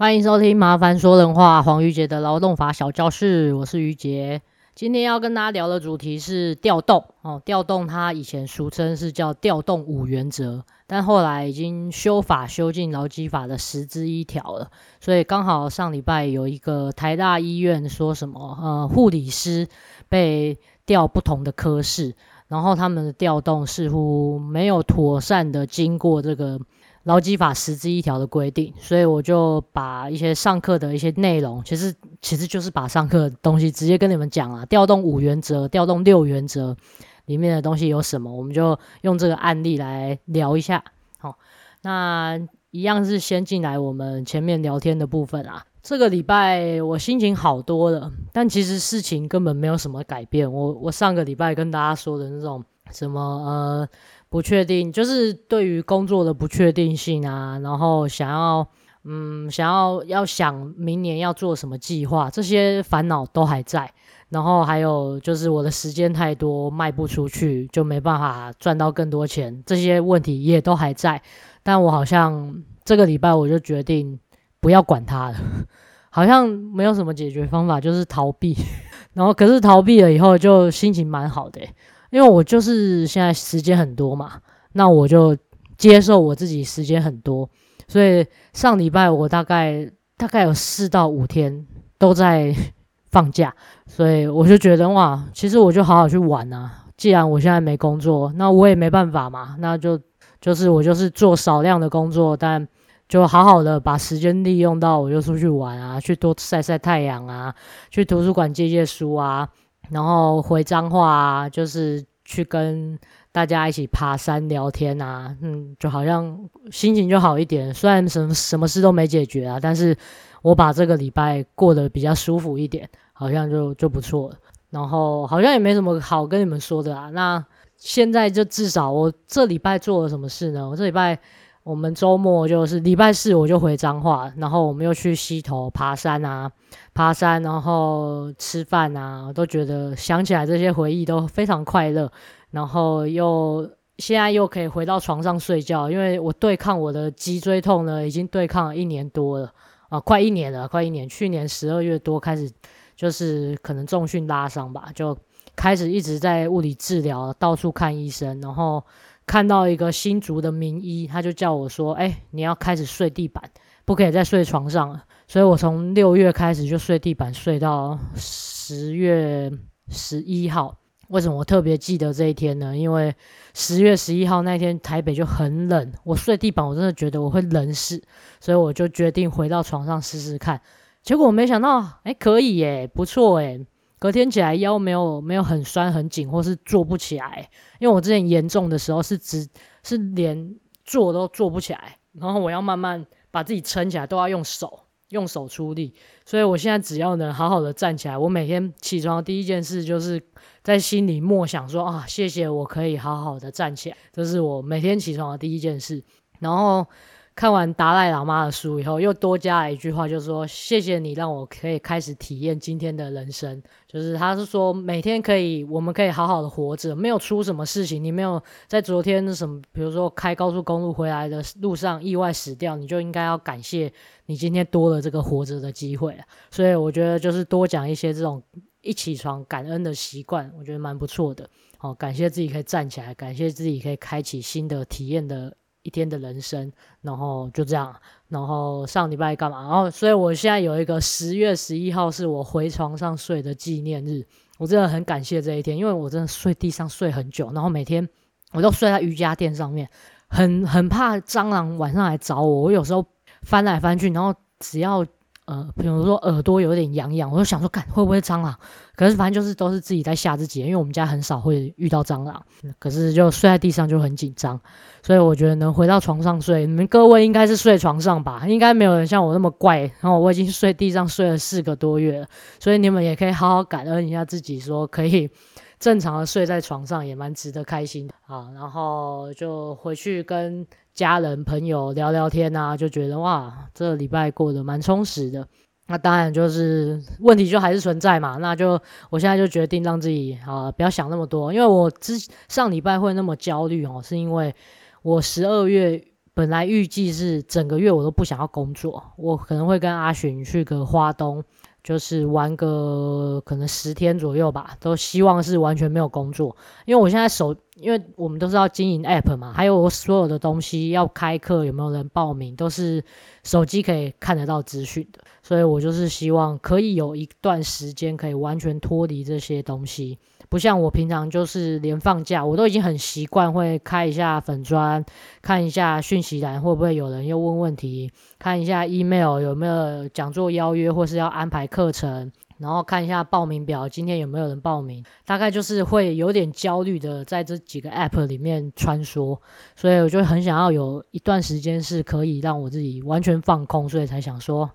歡迎收聽《麻煩說人話》，黃瑜杰的勞動法小教室。我是瑜杰，今天要跟大家聊的主題是調動。哦，調動它以前俗稱是叫調動五原則，但後來已經修法修進勞基法的十之一條了。所以剛好上禮拜有一個台大醫院說什麼，呃，護理師被調不同的科室，然後他們的調動似乎沒有妥善的經過這個。勞基法十之一條的規定，所以我就把一些上課的一些內容，其實其實就是把上課的東西直接跟你們講啊。調動五原則、調動六原則裡面的東西有什麼，我們就用這個案例來聊一下。好，那一樣是先進來我們前面聊天的部分啊。這個禮拜我心情好多了，但其實事情根本沒有什麼改變。我我上個禮拜跟大家說的那種。什麼呃不確定，就是對於工作的不確定性啊，然後想要嗯想要要想明年要做什麼計劃，這些煩惱都還在。然後還有就是我的時間太多賣不出去，就沒辦法賺到更多錢，這些問題也都還在。但我好像這個禮拜我就決定不要管它了，好像沒有什麼解決方法，就是逃避。然後可是逃避了以後，就心情蠻好的欸。因為我就是現在時間很多嘛，那我就接受我自己時間很多，所以上禮拜我大概大概有四到五天都在放假，所以我就覺得哇，其實我就好好去玩啊。既然我現在沒工作，那我也沒辦法嘛，那就就是我就是做少量的工作，但就好好的把時間利用到，我就出去玩啊，去多曬曬太陽啊，去圖書館借借書啊。然後回彰化啊，就是去跟大家一起爬山聊天啊，嗯，就好像心情就好一點。雖然什麼什麼事都沒解決啊，但是我把這個禮拜過得比較舒服一點，好像就就不錯了。然後好像也沒什麼好跟你們說的啊。那現在就至少我這禮拜做了什麼事呢？我這禮拜。我們周末就是禮拜四我就回彰化，然後我們又去溪頭爬山啊，爬山，然後吃飯啊，我都覺得想起來這些回憶都非常快樂。然後又現在又可以回到床上睡覺，因為我對抗我的脊椎痛呢，已經對抗了一年多了啊，快一年了，快一年，去年十二月多開始。就是可能重訓拉傷吧，就開始一直在物理治療，到處看醫生，然後看到一個新竹的名醫，他就叫我說：“哎、欸，你要開始睡地板，不可以再睡床上了。”所以，我從六月開始就睡地板，睡到十月十一號。為什麼我特別記得這一天呢？因為十月十一號那天台北就很冷，我睡地板，我真的覺得我會冷死，所以我就決定回到床上試試看。結果我沒想到，哎，可以耶，不錯耶，隔天起來腰沒有沒有很酸很緊，或是坐不起來，因為我之前嚴重的時候是只是連坐都坐不起來，然後我要慢慢把自己撐起來，都要用手用手出力。所以我現在只要能好好的站起來，我每天起床的第一件事就是在心裡默想說啊，謝謝我可以好好的站起來，這是我每天起床的第一件事。然後，看完達賴喇嘛的書以後，又多加了一句話，就是說：“謝謝你讓我可以開始體驗今天的人生。”就是他是說，每天可以，我們可以好好的活着，沒有出什麼事情。你沒有在昨天什麼，比如說開高速公路回來的路上意外死掉，你就應該要感謝你今天多了這個活着的機會。所以我覺得，就是多講一些這種一起床感恩的習慣，我覺得蠻不錯的。好，感謝自己可以站起來，感謝自己可以開啟新的體驗的。一天的人生，然後就這樣，然後上禮拜幹嘛？然後，所以我現在有一個十月十一號是我回床上睡的紀念日，我真的很感謝這一天，因為我真的睡地上睡很久，然後每天我都睡在瑜伽墊上面，很很怕蟑螂晚上來找我，我有時候翻來翻去，然後只要。呃，比如說耳朵有點癢癢，我就想說，幹會不會蟑螂？可是反正就是都是自己在嚇自己，因為我們家很少會遇到蟑螂，嗯，可是就睡在地上就很緊張，所以我覺得能回到床上睡，你們各位應該是睡床上吧，應該沒有人像我那麼怪。然後我已經睡地上睡了四個多月了，所以你們也可以好好感恩一下自己說，說可以正常的睡在床上，也蠻值得開心的啊。然後就回去跟。家人朋友聊聊天啊，就覺得哇，這禮拜過得蠻充實的。那當然就是問題就還是存在嘛。那就我現在就決定讓自己啊，不要想那麼多。因為我之上禮拜會那麼焦慮哦，是因為我十二月本來預計是整個月我都不想要工作，我可能會跟阿尋去個花東，就是玩個可能十天左右吧，都希望是完全沒有工作。因為我現在手。因為我們都是要經營 App 嘛，還有我所有的東西要開課，有沒有人報名，都是手機可以看得到資訊的，所以我就是希望可以有一段時間可以完全脫離這些東西，不像我平常就是連放假我都已經很習慣會開一下粉專，看一下訊息欄會不會有人又問問題，看一下 Email 有沒有講座邀約或是要安排課程。然後看一下報名表，今天有沒有人報名？大概就是會有點焦慮的，在這幾個 App 裡面穿梭，所以我就很想要有一段時間是可以讓我自己完全放空，所以才想說。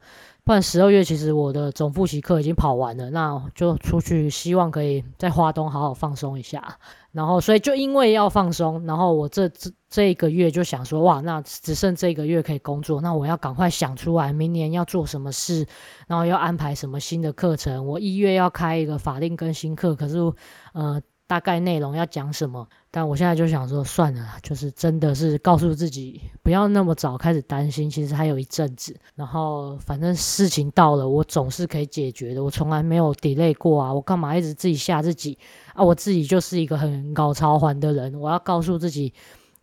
不然十二月其實我的總複習課已經跑完了，那就出去，希望可以在花東好好放鬆一下。然後，所以就因為要放鬆，然後我這這這一個月就想說，哇，那只剩這個月可以工作，那我要趕快想出來明年要做什麼事，然後要安排什麼新的課程。我一月要開一個法令更新課，可是，呃。大概內容要講什麼？但我現在就想說，算了啦，就是真的是告訴自己不要那麼早開始擔心。其實還有一陣子，然後反正事情到了，我總是可以解決的。我從來沒有 delay 過啊，我幹嘛一直自己嚇自己啊？我自己就是一個很搞操煩的人，我要告訴自己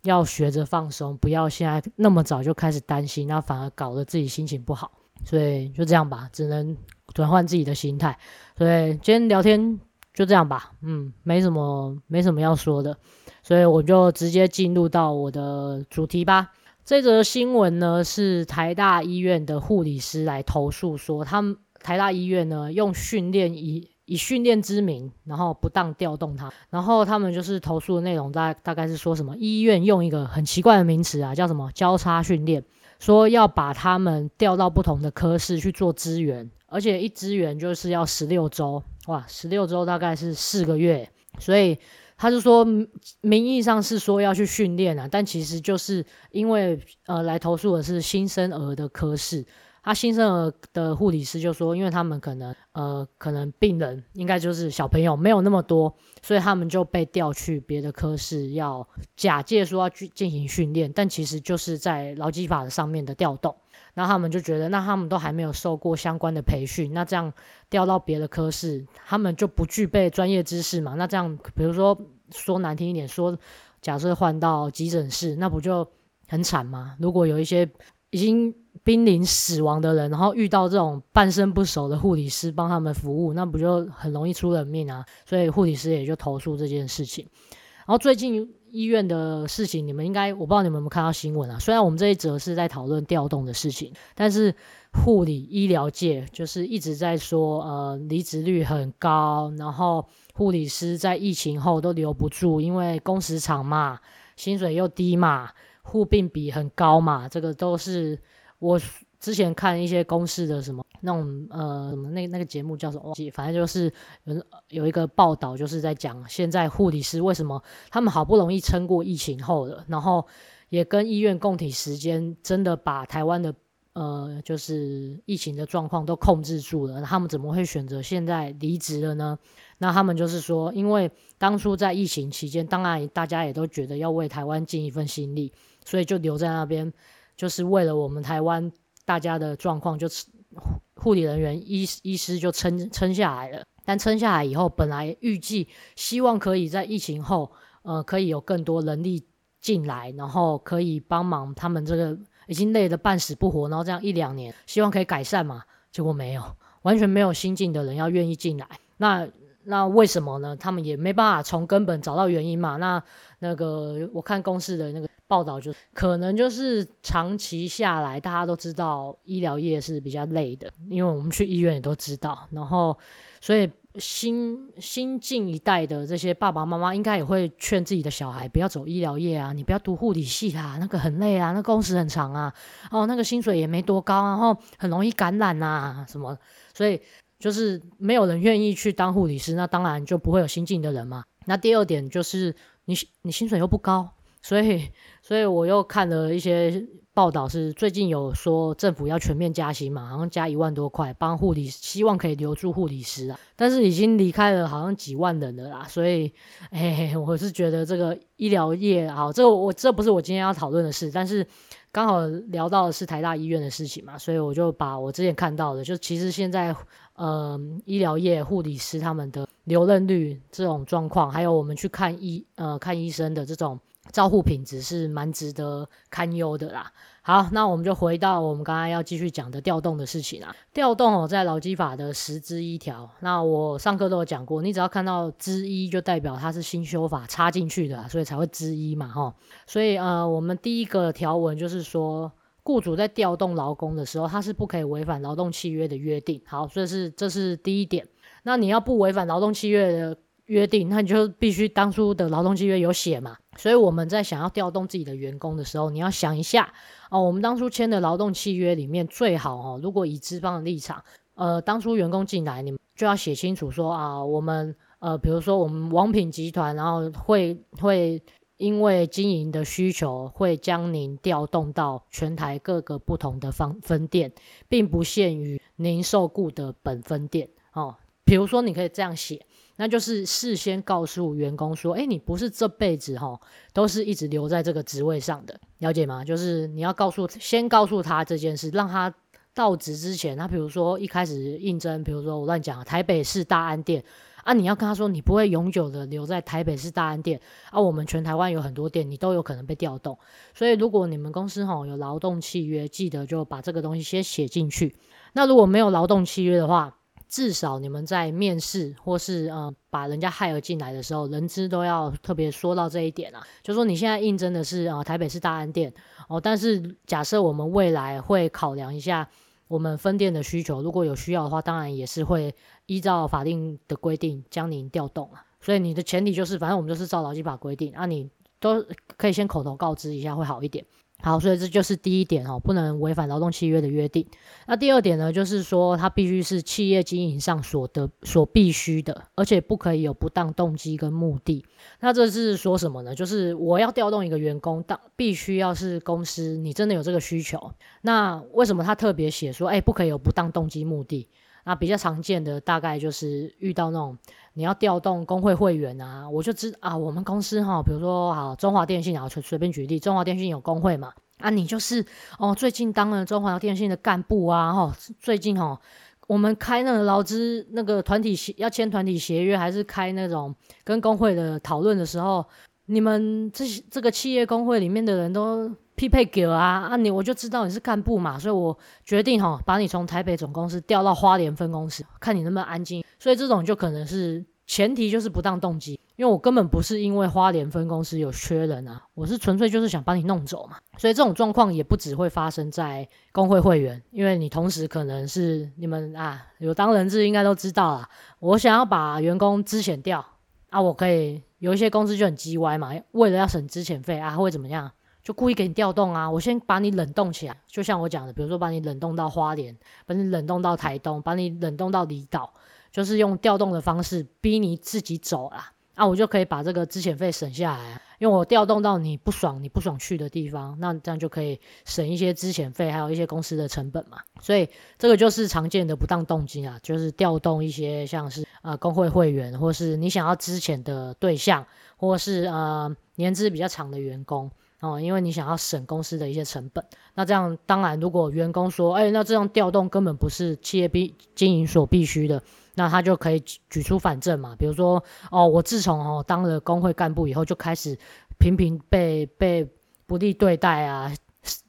要學着放鬆，不要現在那麼早就開始擔心，那反而搞得自己心情不好。所以就這樣吧，只能轉換，換自己的心態。所以今天聊天。就這樣吧，嗯，沒什麼，沒什麼要說的，所以我就直接進入到我的主題吧。這則新聞呢，是台大醫院的護理師來投訴說，他們台大醫院呢用訓練以以訓練之名，然後不當調動他。然後他們就是投訴的內容大，大大概是說什麼醫院用一個很奇怪的名詞啊，叫什麼交叉訓練，說要把他們調到不同的科室去做支援，而且一支援就是要十六週。哇，十六週大概是四個月，所以他就說名義上是說要去訓練了，但其實就是因為呃來投訴的是新生兒的科室，他新生兒的護理師就說，因為他們可能呃可能病人應該就是小朋友沒有那麼多，所以他們就被調去別的科室，要假借說要去進行訓練，但其實就是在勞基法上面的調動。然後他們就覺得，那他們都還沒有受過相關的培訓，那這樣調到別的科室，他們就不具備專業知識嘛？那這樣，比如說說難聽一點，說假設換到急診室，那不就很慘嗎？如果有一些已經瀕臨死亡的人，然後遇到這種半生不熟的護理師幫他們服務，那不就很容易出人命啊？所以護理師也就投訴這件事情。然後最近。醫院的事情，你們應該，我不知道你們有沒有看到新聞啊？雖然我們這一則是在討論調動的事情，但是護理醫療界就是一直在說，呃，離職率很高，然後護理師在疫情後都留不住，因為工時長嘛，薪水又低嘛，護病比很高嘛，這個都是我。之前看一些公視的什麼那種呃什麼那那個節目叫什麼？喔，忘記，反正就是有有一個報道，就是在講現在護理師為什麼他們好不容易撐過疫情後了，然後也跟醫院共體時艱，真的把台灣的呃就是疫情的狀況都控制住了。那他們怎麼會選擇現在離職了呢？那他們就是說，因為當初在疫情期間，當然大家也都覺得要為台灣盡一份心力，所以就留在那邊，就是為了我們台灣。大家的狀況就護護理人員、醫醫師就撐撐下來了，但撐下來以後，本來預計希望可以在疫情後，呃，可以有更多人力進來，然後可以幫忙他們這個已經累得半死不活，然後這樣一兩年，希望可以改善嘛，結果沒有，完全沒有新進的人要願意進來。那那為什麼呢？他們也沒辦法從根本找到原因嘛。那那個我看公司的那個。報道就是可能就是長期下來，大家都知道醫療業是比較累的，因為我們去醫院也都知道。然後，所以新新進一代的這些爸爸媽媽應該也會勸自己的小孩不要走醫療業啊，你不要讀護理系啊，那個很累啊，那工時很長啊，哦，那個薪水也沒多高啊，然後很容易感染啊什麼，所以就是沒有人願意去當護理師，那當然就不會有新進的人嘛。那第二點就是你你薪水又不高。所以，所以我又看了一些報道，是最近有說政府要全面加薪嘛，好像加一萬多塊，幫護理，希望可以留住護理師啊。但是已經離開了好像幾萬人了啦。所以，嘿、哎，我是覺得這個醫療業，好，這我這不是我今天要討論的事，但是剛好聊到的是台大醫院的事情嘛，所以我就把我之前看到的，就其實現在嗯、呃、醫療業護理師他們的留任率這種狀況，還有我們去看醫呃看醫生的這種。照護品質是蠻值得堪憂的啦。好，那我們就回到我們剛才要繼續講的調動的事情啦。調動哦，在勞基法的十之一條。那我上課都有講過，你只要看到之一，就代表它是新修法插進去的，所以才會之一嘛，哈。所以呃，我們第一個條文就是說，雇主在調動勞工的時候，他是不可以違反勞動契約的約定。好，所以是這是第一點。那你要不違反勞動契約的。約定，那你就必須當初的勞動契約有寫嘛。所以我們在想要調動自己的員工的時候，你要想一下哦。我們當初簽的勞動契約裡面最好哦，如果以資方的立場，呃，當初員工進來，你們就要寫清楚說啊、呃，我們呃，比如說我們王品集團，然後會會因為經營的需求，會將您調動到全台各個不同的分店，並不限於您受雇的本分店哦。比如說，你可以這樣寫。那就是事先告訴員工說，哎，你不是這輩子哦，都是一直留在這個職位上的，了解嗎？就是你要告訴，先告訴他這件事，讓他到職之前，他比如說一開始應徵，比如說我亂講，台北市大安店啊，你要跟他說，你不會永久的留在台北市大安店啊，我們全台灣有很多店，你都有可能被調動。所以如果你們公司哈有勞動契約，記得就把這個東西先寫進去。那如果沒有勞動契約的話，至少你們在面試或是呃把人家害了進來的時候，人資都要特別說到這一點啊，就說你現在應徵的是啊、呃、台北市大安店哦，但是假設我們未來會考量一下我們分店的需求，如果有需要的話，當然也是會依照法定的規定將您調動啊。所以你的前提就是，反正我們就是照勞基法規定，那、啊、你都可以先口頭告知一下，會好一點。好，所以這就是第一點哦，不能違反勞動契約的約定。那第二點呢，就是說他必須是企業經營上所得所必須的，而且不可以有不當動機跟目的。那這是說什麼呢？就是我要調動一個員工，當必須要是公司，你真的有這個需求。那為什麼他特別寫說，誒、哎，不可以有不當動機目的？那、啊、比較常見的大概就是遇到那種你要調動工會會員啊，我就知道啊，我們公司哈，比如說好，中華電信，啊，隨隨便舉例，中華電信有工會嘛，啊，你就是哦，最近當了中華電信的幹部啊，哈，最近吼我們開那個勞資那個團體協要簽團體協約，還是開那種跟工會的討論的時候，你們這些這個企業工會裡面的人都。匹配給了啊，啊你，我就知道你是幹部嘛，所以我決定哈把你從台北總公司調到花蓮分公司，看你能不能安靜。所以這種就可能是前提就是不當動機，因為我根本不是因為花蓮分公司有缺人啊，我是純粹就是想把你弄走嘛。所以這種狀況也不只會發生在工會會員，因為你同時可能是你們啊，有當人資應該都知道啦，我想要把員工資遣掉啊，我可以有一些公司就很機歪嘛，為了要省資遣費啊會怎麼樣。就故意給你調動啊！我先把你冷凍起來，就像我講的，比如說把你冷凍到花蓮，把你冷凍到台東，把你冷凍到離島，就是用調動的方式逼你自己走啦！那、啊、我就可以把這個資遣費省下來、啊，因為我調動到你不爽、你不爽去的地方，那這樣就可以省一些資遣費，還有一些公司的成本嘛。所以這個就是常見的不當動機啊，就是調動一些像是呃工會會員，或是你想要資遣的對象，或是呃年資比較長的員工。哦，因為你想要省公司的一些成本，那這樣當然，如果員工說，哎、欸，那這種調動根本不是企業必經營所必須的，那他就可以舉出反證嘛。比如說，哦，我自從哦當了工會幹部以後，就開始頻頻被被不利對待啊，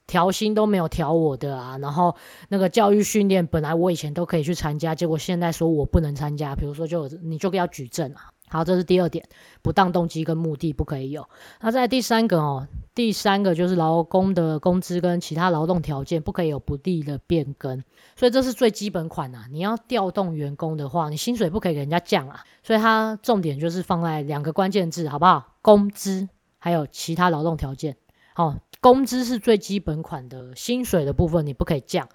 調薪都沒有調我的啊，然後那個教育訓練本來我以前都可以去參加，結果現在說我不能參加。比如說就，就你就要舉證啊。好，這是第二點，不當動機跟目的不可以有。那在第三個哦，第三個就是勞工的工資跟其他勞動條件不可以有不利的變更。所以這是最基本款吶、啊。你要調動員工的話，你薪水不可以給人家降啊。所以它重點就是放在兩個關鍵字，好不好？工資還有其他勞動條件。好、哦，工資是最基本款的薪水的部分，你不可以降。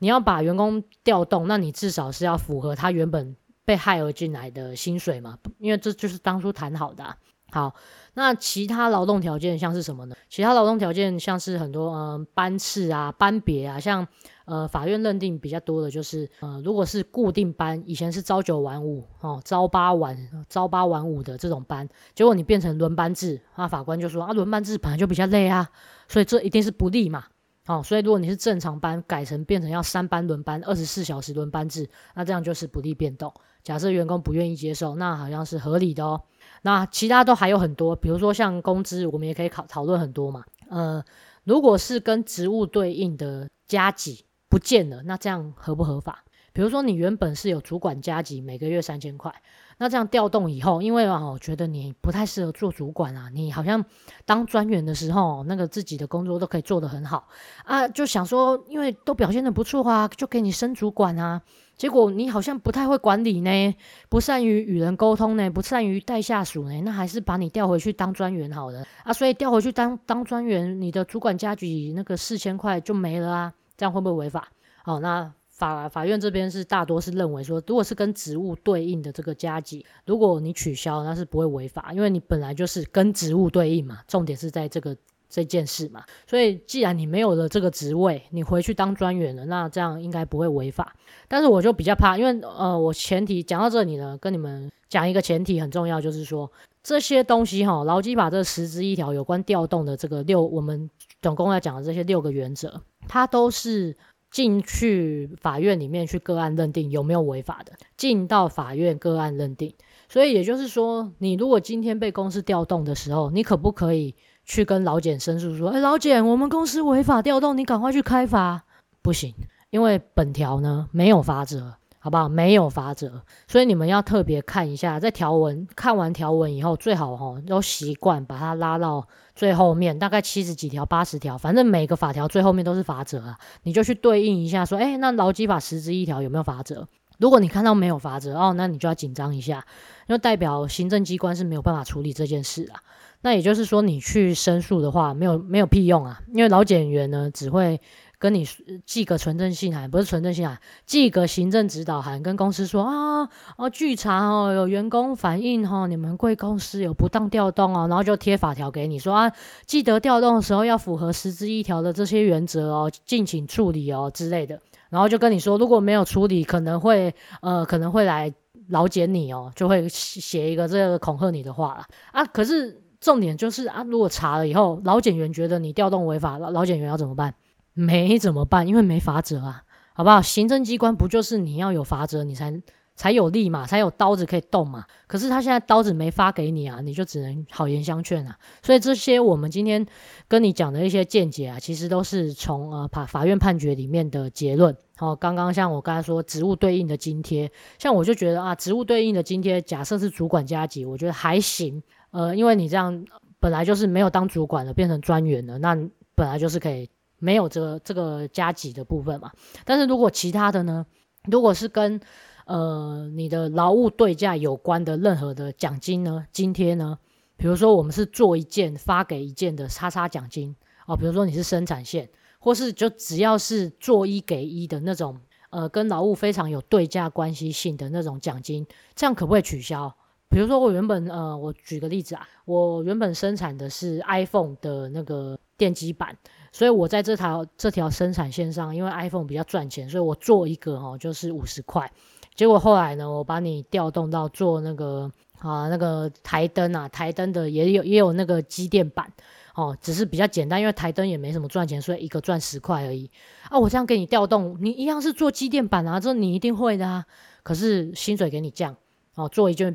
你要把員工調動，那你至少是要符合他原本。被害而進來的薪水嘛，因為這就是當初談好的、啊。好，那其他勞動條件像是什麼呢？其他勞動條件像是很多嗯、呃、班次啊、班別啊，像呃法院認定比較多的就是呃如果是固定班，以前是朝九晚五哦，朝八晚朝八晚五的這種班，結果你變成輪班制，那、啊、法官就說啊輪班制本來就比較累啊，所以這一定是不利嘛。好、哦，所以如果你是正常班，改成變成要三班輪班，二十四小時輪班制，那這樣就是不利變動。假設員工不願意接受，那好像是合理的哦。那其他都還有很多，比如說像工資，我們也可以考討論很多嘛。呃，如果是跟職務對應的加給不見了，那這樣合不合法？比如說你原本是有主管加給，每個月三千塊。那這樣調動以後，因為啊，我覺得你不太適合做主管啊。你好像當專員的時候，那個自己的工作都可以做得很好啊。就想說，因為都表現得不錯啊，就給你升主管啊。結果你好像不太會管理呢，不善於與人溝通呢，不善於帶下屬呢。那還是把你調回去當專員好了啊。所以調回去當當專員，你的主管加給那個四千塊就沒了啊。這樣會不會違法？好，那。法法院這邊是大多是認為說，如果是跟職務對應的這個加給，如果你取消，那是不會違法，因為你本來就是跟職務對應嘛。重點是在這個這件事嘛。所以，既然你沒有了這個職位，你回去當專員了，那這樣應該不會違法。但是，我就比較怕，因為呃，我前提講到這裡呢，跟你們講一個前提很重要，就是說這些東西哈，勞基法這十之一條有關調動的這個六，我們總共要講的這些六個原則，它都是。進去法院裡面去個案認定有沒有違法的，進到法院個案認定。所以也就是說，你如果今天被公司調動的時候，你可不可以去跟勞檢申訴說，哎、勞檢，我們公司違法調動，你趕快去開罰。不行，因為本條呢，沒有罰則，好不好？沒有罰則，所以你們要特別看一下，在條文看完條文以後，最好哈、哦、要習慣把它拉到。最後面大概七十幾條、八十條，反正每個法條最後面都是罰則啊，你就去對應一下，說，誒、欸，那勞基法十之一條有沒有罰則？如果你看到沒有罰則，哦，那你就要緊張一下，因為代表行政機關是沒有辦法處理這件事啊。那也就是說，你去申訴的話，沒有沒有屁用啊，因為勞檢員呢只會。跟你寄個存證信函，不是存證信函，寄個行政指導函，跟公司說啊，哦、啊，據查哦，有員工反映哦，你們貴公司有不當調動哦，然後就貼法條給你說啊，記得調動的時候要符合十之一條的這些原則哦，敬請處理哦之類的，然後就跟你說，如果沒有處理，可能會呃，可能會來勞檢你哦，就會寫一個這個恐嚇你的話了啊。可是重點就是啊，如果查了以後，勞檢員覺得你調動違法，勞，勞檢員要怎麼辦？沒怎麼辦？因為沒罰則啊，好不好？行政機關不就是你要有罰則，你才才有力嘛，才有刀子可以動嘛。可是他現在刀子沒發給你啊，你就只能好言相勸啊。所以這些我們今天跟你講的一些見解啊，其實都是從呃法法院判決裡面的結論。好、哦，剛剛像我剛才說，職務對應的津貼，像我就覺得啊，職務對應的津貼，假設是主管加給，我覺得還行。呃，因為你這樣本來就是沒有當主管了，變成專員了，那本來就是可以。沒有這個這個加急的部分嘛？但是如果其他的呢？如果是跟呃你的勞務對價有關的任何的獎金呢、津貼呢？比如說我們是做一件發給一件的叉叉獎金啊、哦，比如說你是生產線，或是就只要是做一給一的那種，呃，跟勞務非常有對價關係性的那種獎金，這樣可不可以取消？比如說我原本呃，我舉個例子啊，我原本生產的是 iPhone 的那個電機板，所以我在這條這條生產線上，因為 iPhone 比較賺錢，所以我做一個哦，就是五十塊。結果後來呢，我把你調動到做那個啊那個檯燈啊，檯燈的也有也有那個機電板，哦，只是比較簡單，因為檯燈也沒什麼賺錢，所以一個賺十塊而已。啊，我這樣給你調動，你一樣是做機電板啊，這你一定會的啊。可是薪水給你降，哦，做一件。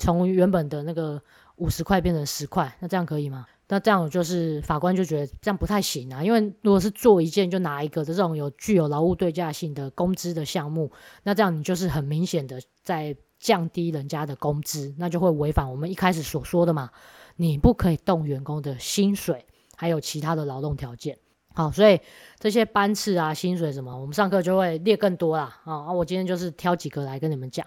從原本的那個五十塊變成十塊，那這樣可以嗎？那這樣就是法官就覺得這樣不太行啊，因為如果是做一件就拿一個這種有具有勞務對價性的工資的項目，那這樣你就是很明顯的在降低人家的工資，那就會違反我們一開始所說的嘛。你不可以動員工的薪水，還有其他的勞動條件。好，所以這些班次啊、薪水什麼，我們上課就會列更多啦。啊，我今天就是挑幾個來跟你們講。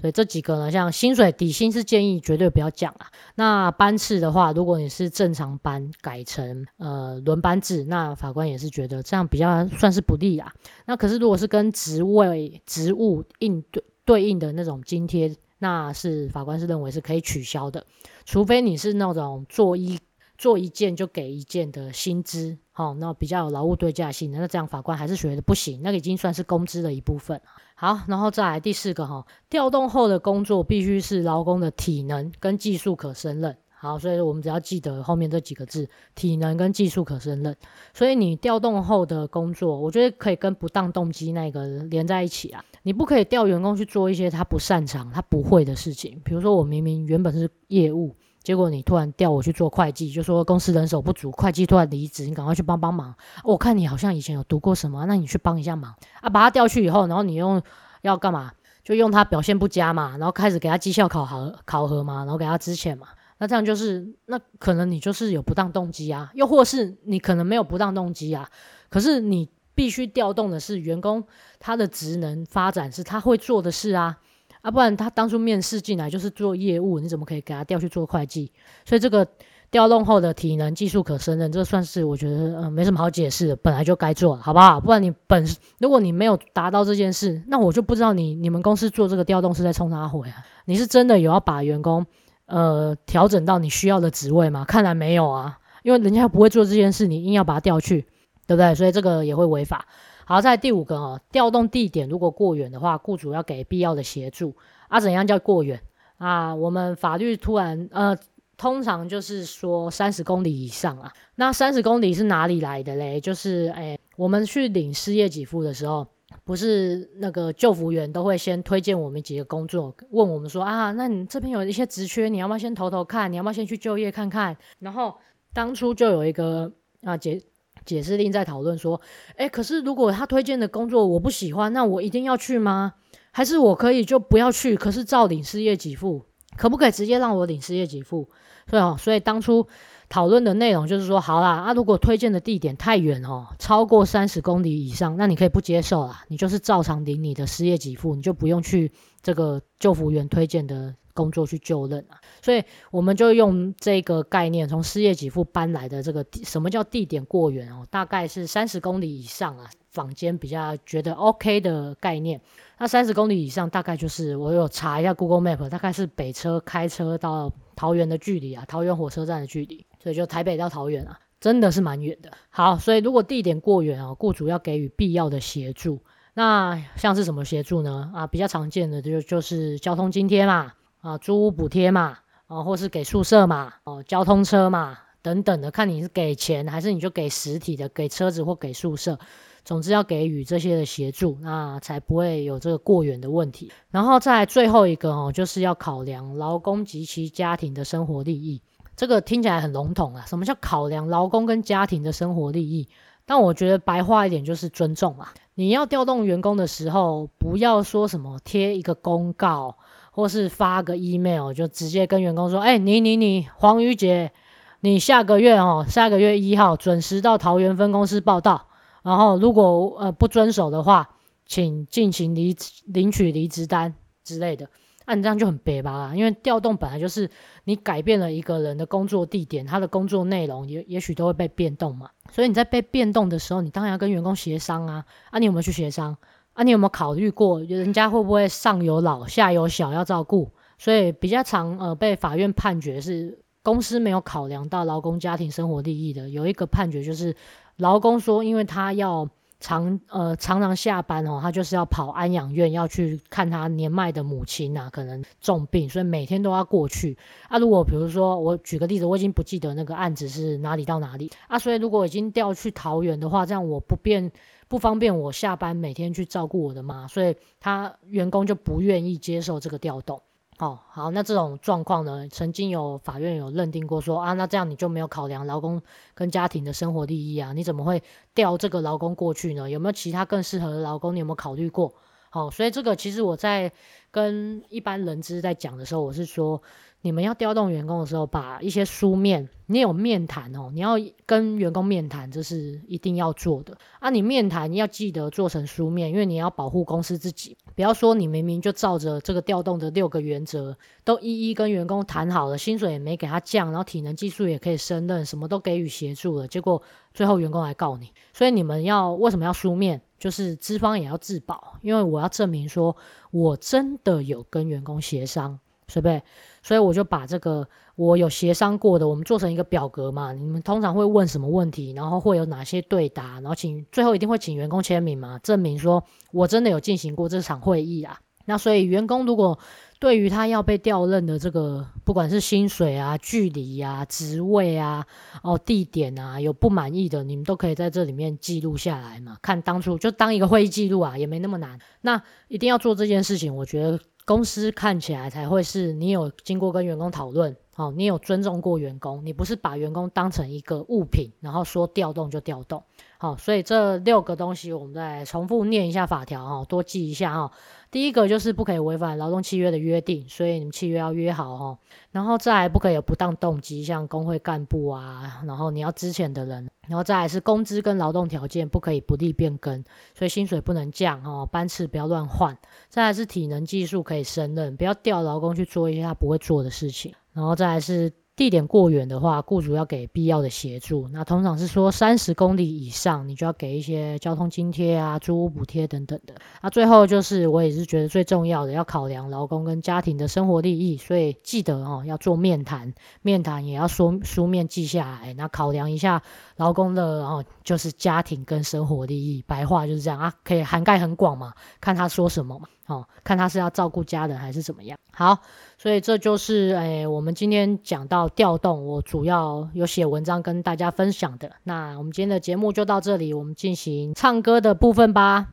所以這幾個呢，像薪水底薪是建議絕對不要降啊。那班次的話，如果你是正常班改成呃輪班制，那法官也是覺得這樣比較算是不利啊。那可是如果是跟職位職務應對對應的那種津貼，那是法官是認為是可以取消的，除非你是那種做一做一件就給一件的薪資，好、哦，那個、比較有勞務對價性的，那這樣法官還是覺得不行，那個已經算是工資的一部分。好，然後再來第四個哈、哦，調動後的工作必須是勞工的體能跟技術可勝任。好，所以我們只要記得後面這幾個字，體能跟技術可勝任。所以你調動後的工作，我覺得可以跟不當動機那個連在一起啊。你不可以調員工去做一些他不擅長、他不會的事情。比如說，我明明原本是業務。結果你突然調我去做會計，就說公司人手不足，會計突然離職，你趕快去幫幫忙。哦，我看你好像以前有讀過什麼，那你去幫一下忙啊。把他調去以後，然後你用要幹嘛？就用他表現不佳嘛，然後開始給他績效考核考核嘛，然後給他資遣嘛。那這樣就是，那可能你就是有不當動機啊，又或是你可能沒有不當動機啊。可是你必須調動的是員工他的職能發展，是他會做的事啊。啊，不然他當初面試進來就是做業務，你怎麼可以給他調去做會計？所以這個調動後的體能、技術可勝任，這算是我覺得嗯、呃、沒什麼好解釋的，本來就該做了，好不好？不然你本，如果你沒有達到這件事，那我就不知道你，你們公司做這個調動是在衝他火呀，啊？你是真的有要把員工呃調整到你需要的職位嗎？看來沒有啊，因為人家不會做這件事，你硬要把他調去，對不對？所以這個也會違法。好，在第五個，哦，調動地點如果過遠的話，雇主要給必要的協助。啊，怎樣叫過遠？啊，我們法律突然呃，通常就是說三十公里以上啊。那三十公里是哪裡來的嘞？就是誒、哎，我們去領失業給付的時候，不是那個就服員都會先推薦我們幾個工作，問我們說啊，那你這邊有一些職缺，你要不要先投投看？你要不要先去就業看看？然後當初就有一個啊結解釋令在討論說，哎，可是如果他推薦的工作我不喜歡，那我一定要去嗎？還是我可以就不要去？可是照領失業給付，可不可以直接讓我領失業給付？所以、哦，所以當初討論的內容就是說，好啦，啊，如果推薦的地點太遠哦，超過三十公里以上，那你可以不接受啦，你就是照常領你的失業給付，你就不用去這個就服員推薦的。工作去就任啊，所以我們就用這個概念，從失業給付搬來的這個地什麼叫地點過遠哦，大概是三十公里以上啊，坊間比較覺得 OK 的概念。那三十公里以上，大概就是我有查一下 Google Map，大概是北車開車到桃園的距離啊，桃園火車站的距離，所以就台北到桃園啊，真的是蠻遠的。好，所以如果地點過遠啊，僱主要給予必要的協助。那像是什麼協助呢？啊，比較常見的就就是交通津貼嘛。啊，租屋補貼嘛，啊，或是給宿舍嘛，哦、啊，交通車嘛，等等的，看你是給錢還是你就給實體的，給車子或給宿舍，總之要給予這些的協助，那才不會有這個過遠的問題。然後再來最後一個哦，就是要考量勞工及其家庭的生活利益，這個聽起來很籠統啊。什麼叫考量勞工跟家庭的生活利益？但我覺得白話一點就是尊重嘛。你要調動員工的時候，不要說什麼貼一個公告。或是發個 email 就直接跟員工說，哎、欸，你你你，黃瑜姐，你下個月哦、喔，下個月一號準時到桃園分公司報到。然後如果呃不遵守的話，請進行離領取離職單之類的。按、啊、你這樣就很別吧？因為調動本來就是你改變了一個人的工作地點，他的工作內容也也許都會被變動嘛。所以你在被變動的時候，你當然要跟員工協商啊。啊，你有沒有去協商？啊，你有沒有考慮過人家會不會上有老下有小要照顧，所以比較常呃被法院判決是公司沒有考量到勞工家庭生活利益的。有一個判決就是勞工說，因為他要常呃常常下班哦，他就是要跑安養院要去看他年邁的母親吶，啊，可能重病，所以每天都要過去。啊，如果比如說我舉個例子，我已經不記得那個案子是哪裡到哪裡啊，所以如果已經調去桃園的話，這樣我不便。不方便我下班每天去照顧我的媽，所以他員工就不願意接受這個調動。哦，好，那這種狀況呢，曾經有法院有認定過說啊，那這樣你就沒有考量勞工跟家庭的生活利益啊。你怎麼會調這個勞工過去呢？有沒有其他更適合的勞工？你有沒有考慮過？好、哦，所以這個其實我在跟一般人資在講的時候，我是說，你們要調動員工的時候，把一些書面，你有面談哦，你要跟員工面談，這是一定要做的啊。你面談你要記得做成書面，因為你要保護公司自己。不要說你明明就照着這個調動的六個原則，都一一跟員工談好了，薪水也沒給他降，然後體能技術也可以升任，什麼都給予協助了，結果最後員工來告你。所以你們要為什麼要書面？就是資方也要自保，因為我要證明說我真的有跟員工協商。是唄，所以我就把這個我有協商過的，我們做成一個表格嘛。你們通常會問什麼問題，然後會有哪些對答，然後請最後一定會請員工簽名嘛，證明說我真的有進行過這場會議啊。那所以員工如果對於他要被調任的這個，不管是薪水啊、距離啊、職位啊、哦地點啊，有不滿意的，你們都可以在這裡面記錄下來嘛，看當初就當一個會議記錄啊，也沒那麼難。那一定要做這件事情，我覺得。公司看起來才會是你有經過跟員工討論。好、哦，你有尊重過員工？你不是把員工當成一個物品，然後說調動就調動。好、哦，所以這六個東西，我們再重複念一下法條哈、哦，多記一下哈、哦。第一個就是不可以違反勞動契約的約定，所以你們契約要約好哈、哦。然後再來不可以有不當動機，像工會幹部啊，然後你要資遣的人。然後再來是工資跟勞動條件不可以不利變更，所以薪水不能降哈、哦，班次不要亂換。再來是體能技術可以勝任，不要調勞工去做一些他不會做的事情。然後再來是地點過遠的話，雇主要給必要的協助。那通常是說三十公里以上，你就要給一些交通津貼啊、租屋補貼等等的。那、啊、最後就是我也是覺得最重要的，要考量勞工跟家庭的生活利益。所以記得哦，要做面談，面談也要說書面記下來。那考量一下勞工的哦，就是家庭跟生活利益。白話就是這樣啊，可以涵蓋很廣嘛，看他說什麼嘛，哦，看他是要照顧家人還是怎麼樣。好，所以這就是誒、哎，我們今天講到調動，我主要有寫文章跟大家分享的。那我們今天的節目就到這裡，我們進行唱歌的部分吧。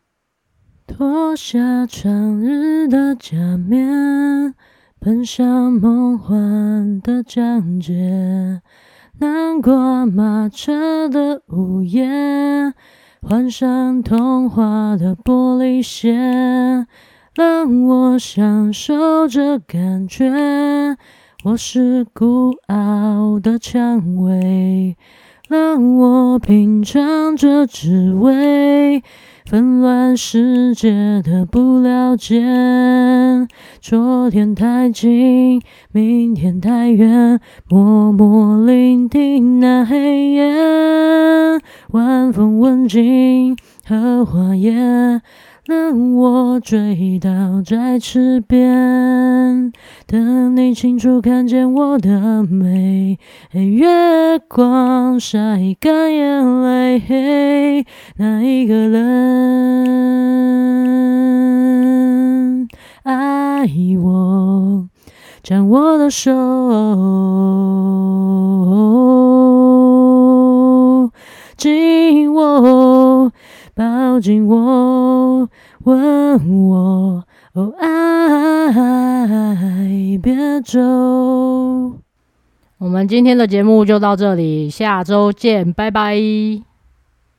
脫下長日的假面，奔向夢幻的疆界，南瓜馬車的午夜，換上童話的玻璃鞋。讓我享受這感覺。我是孤傲的薔薇，讓我品嘗這滋味。紛亂世界的不了解，昨天太近，明天太遠，默默聆聽那黑夜。晚風吻盡荷花葉。讓我醉倒在池邊，等你清楚看見我的美。月光曬一乾眼淚嘿，哪一個人愛我？將我的手，緊握。抱緊我，吻我，哦，愛別走。我們今天的節目就到這裡，下周見，拜拜。